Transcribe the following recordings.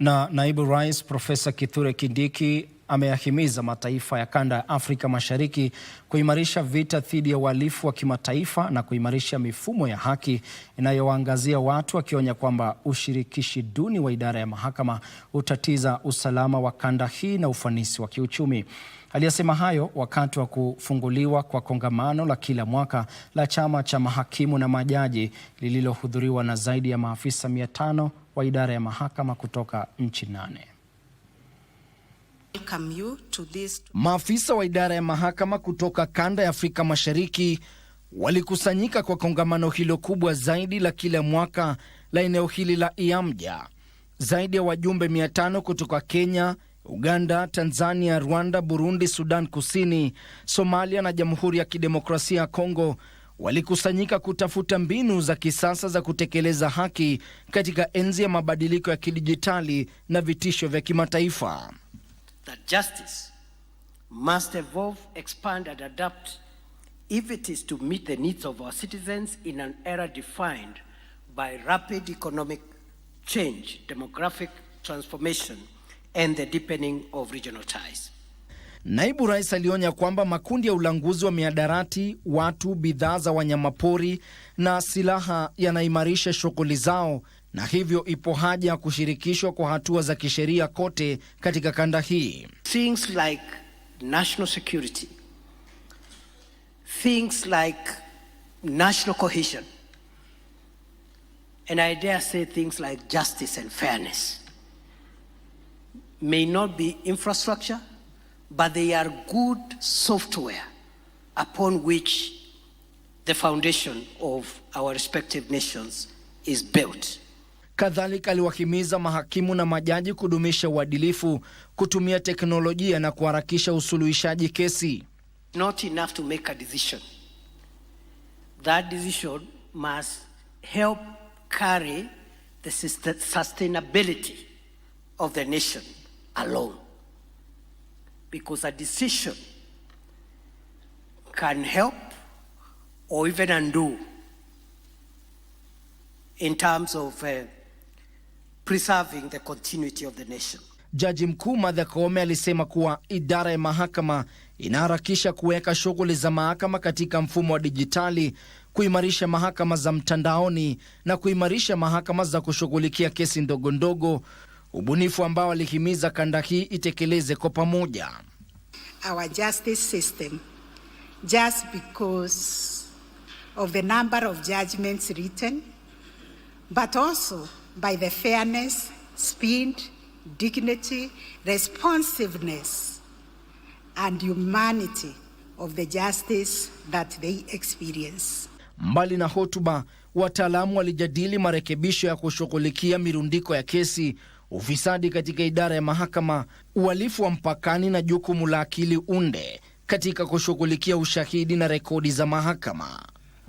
na naibu rais Profesa Kithure Kindiki ameyahimiza mataifa ya kanda ya Afrika Mashariki kuimarisha vita dhidi ya uhalifu wa kimataifa na kuimarisha mifumo ya haki inayowaangazia watu, akionya kwamba ushirikishi duni wa idara ya mahakama utatiza usalama wa kanda hii na ufanisi wa kiuchumi. Aliyesema hayo wakati wa kufunguliwa kwa kongamano la kila mwaka la chama cha mahakimu na majaji lililohudhuriwa na zaidi ya maafisa mia tano wa idara ya mahakama kutoka nchi nane this... Maafisa wa idara ya mahakama kutoka kanda ya Afrika Mashariki walikusanyika kwa kongamano hilo kubwa zaidi la kila mwaka la eneo hili la Iamja. Zaidi ya wajumbe 500 kutoka Kenya, Uganda, Tanzania, Rwanda, Burundi, Sudan Kusini, Somalia na Jamhuri ya Kidemokrasia ya Kongo walikusanyika kutafuta mbinu za kisasa za kutekeleza haki katika enzi ya mabadiliko ya kidijitali na vitisho vya kimataifa that justice must evolve, expand, and adapt if it is to meet the needs of our citizens in an era defined by rapid economic change, demographic transformation, and the deepening of regional ties. Naibu Rais alionya kwamba makundi ya ulanguzi wa miadarati, watu, bidhaa za wanyamapori na silaha yanaimarisha shughuli zao na hivyo ipo haja ya kushirikishwa kwa hatua za kisheria kote katika kanda hii. Things like national security, things like national cohesion and I dare say things like justice and fairness may not be infrastructure but they are good software upon which the foundation of our respective nations is built. Kadhalika aliwahimiza mahakimu na majaji kudumisha uadilifu, kutumia teknolojia na kuharakisha usuluhishaji kesi. Not enough to make a decision. That decision must help carry the sustainability of the nation Because a decision can help or even undo in terms of uh, preserving the continuity of the nation. Jaji Mkuu Martha Koome alisema kuwa idara ya mahakama inaharakisha kuweka shughuli za mahakama katika mfumo wa dijitali, kuimarisha mahakama za mtandaoni na kuimarisha mahakama za kushughulikia kesi ndogo ndogo, ubunifu ambao alihimiza kanda hii itekeleze kwa pamoja. Our justice system just because of the number of judgments written but also by the fairness, speed, dignity, responsiveness, and humanity of the justice that they experience. Mbali na hotuba, wataalamu walijadili marekebisho ya kushughulikia mirundiko ya kesi, ufisadi katika idara ya mahakama, uhalifu wa mpakani na jukumu la akili unde katika kushughulikia ushahidi na rekodi za mahakama.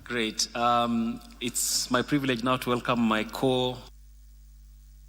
Great. Um, it's my privilege now to welcome my co